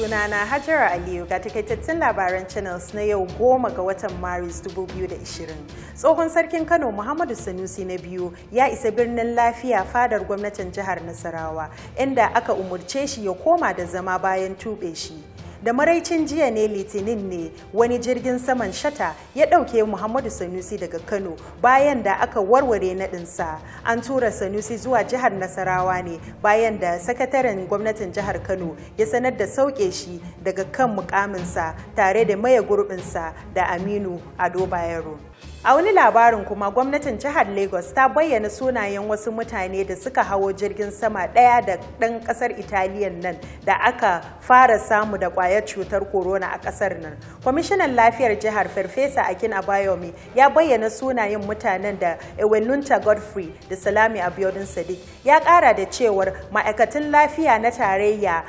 sunana Hajara Aliyu ga takaitattun labaran channels na yau goma ga watan Maris 2020. Tsohon sarkin Kano Muhammadu Sanusi na biyu ya isa birnin lafiya fadar gwamnatin jihar Nasarawa inda aka umurce shi ya koma da zama bayan tube shi. da maraicin jiya ne litinin ne wani jirgin saman shata ya ɗauke muhammadu sanusi daga kano bayan da aka warware naɗinsa an tura sanusi zuwa jihar nasarawa ne bayan da sakataren gwamnatin jihar kano ya sanar da sauke shi daga kan mukaminsa tare da maye gurbinsa da aminu ado bayero A wani labarin kuma gwamnatin jihar Lagos ta bayyana sunayen wasu mutane da suka hawo jirgin sama ɗaya da ɗan ƙasar Italiyan nan da aka fara samu da ƙwayar cutar corona a ƙasar nan. Kwamishinan lafiyar jihar Farfesa Akin Abayomi ya bayyana sunayen mutanen da Ewelunta Godfrey da Salami Abiodun Sadiq ya ƙara da cewar ma'aikatan lafiya na tarayya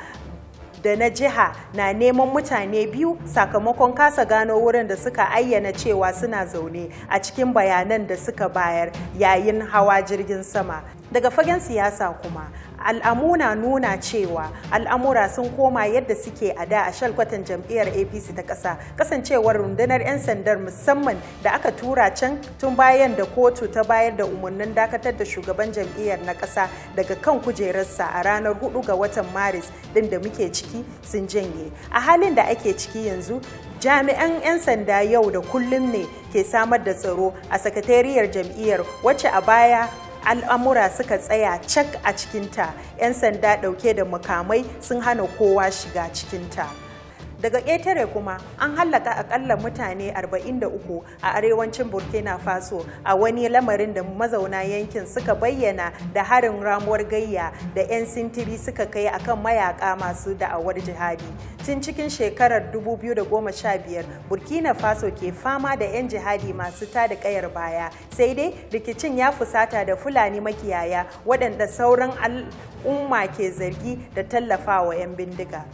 da na jiha na neman mutane biyu sakamakon kasa gano wurin da suka ayyana cewa suna zaune a cikin bayanan da suka bayar yayin hawa jirgin sama daga fagen siyasa kuma al'amu na nuna cewa al'amura sun koma yadda suke a da a shalkwatan jam'iyyar apc ta ƙasa kasancewar rundunar 'yan sandar musamman da aka tura can tun bayan da kotu ta bayar da umarnin dakatar da shugaban jam'iyyar na ƙasa daga kan kujerarsa a ranar 4 ga watan maris din da muke ciki sun janye a halin da ake ciki yanzu jami'an 'yan sanda yau da kullum ne ke samar da tsaro a sakatariyar jam'iyyar wacce a baya al'amura suka tsaya cak a cikinta 'yan sanda ɗauke da mukamai sun hana kowa shiga cikinta. daga ƙetare kuma an hallaka akalla mutane 43 a arewacin burkina faso a wani lamarin da mazauna yankin suka bayyana da harin ramuwar gayya da 'yan sintiri suka kai akan mayaka masu da'awar jihadi tun cikin shekarar 2015 burkina faso ke fama da 'yan jihadi masu tada kayar baya sai dai rikicin ya fusata da fulani makiyaya waɗanda sauran al'umma ke zargi da tallafawa 'yan bindiga.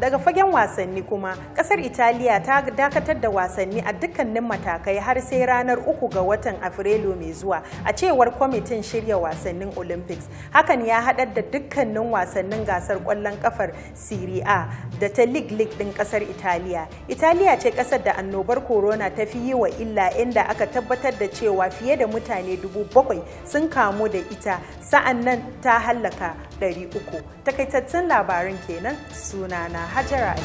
daga fagen wasanni kuma kasar italiya ta dakatar da wasanni a dukkanin matakai har sai ranar uku ga watan afrilu mai zuwa a cewar kwamitin shirya wasannin olympics hakan ya haɗar da dukkanin wasannin gasar kwallon kafar serie da ta league league din kasar italiya italiya ce kasar da annobar corona ta fi yi wa illa inda aka tabbatar da cewa fiye da mutane dubu bakwai sun kamu da ita sa'an nan ta hallaka 300 takaitattun labarin kenan sunana Hajarai.